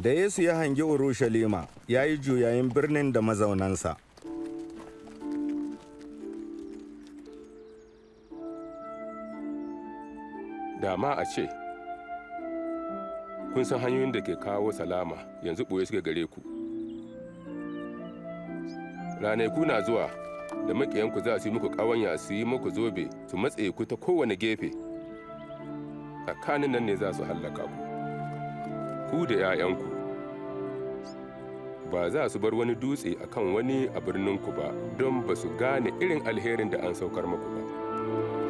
Da Yesu ya hangi Urushalima, ya yi juyayin birnin da mazaunansa. Dama a ce, kun san hanyoyin da ke kawo salama yanzu ɓoye suke gare ku. Ranaku na zuwa da maƙiyanku za su yi muku ƙawanya su yi muku zobe su matse ku ta kowane gefe, tsakanin nan ne za su hallaka ku. ku da 'ya'yanku ba za su bar wani dutse a kan wani a birninku ba don ba su gane irin alherin da an saukar muku ba.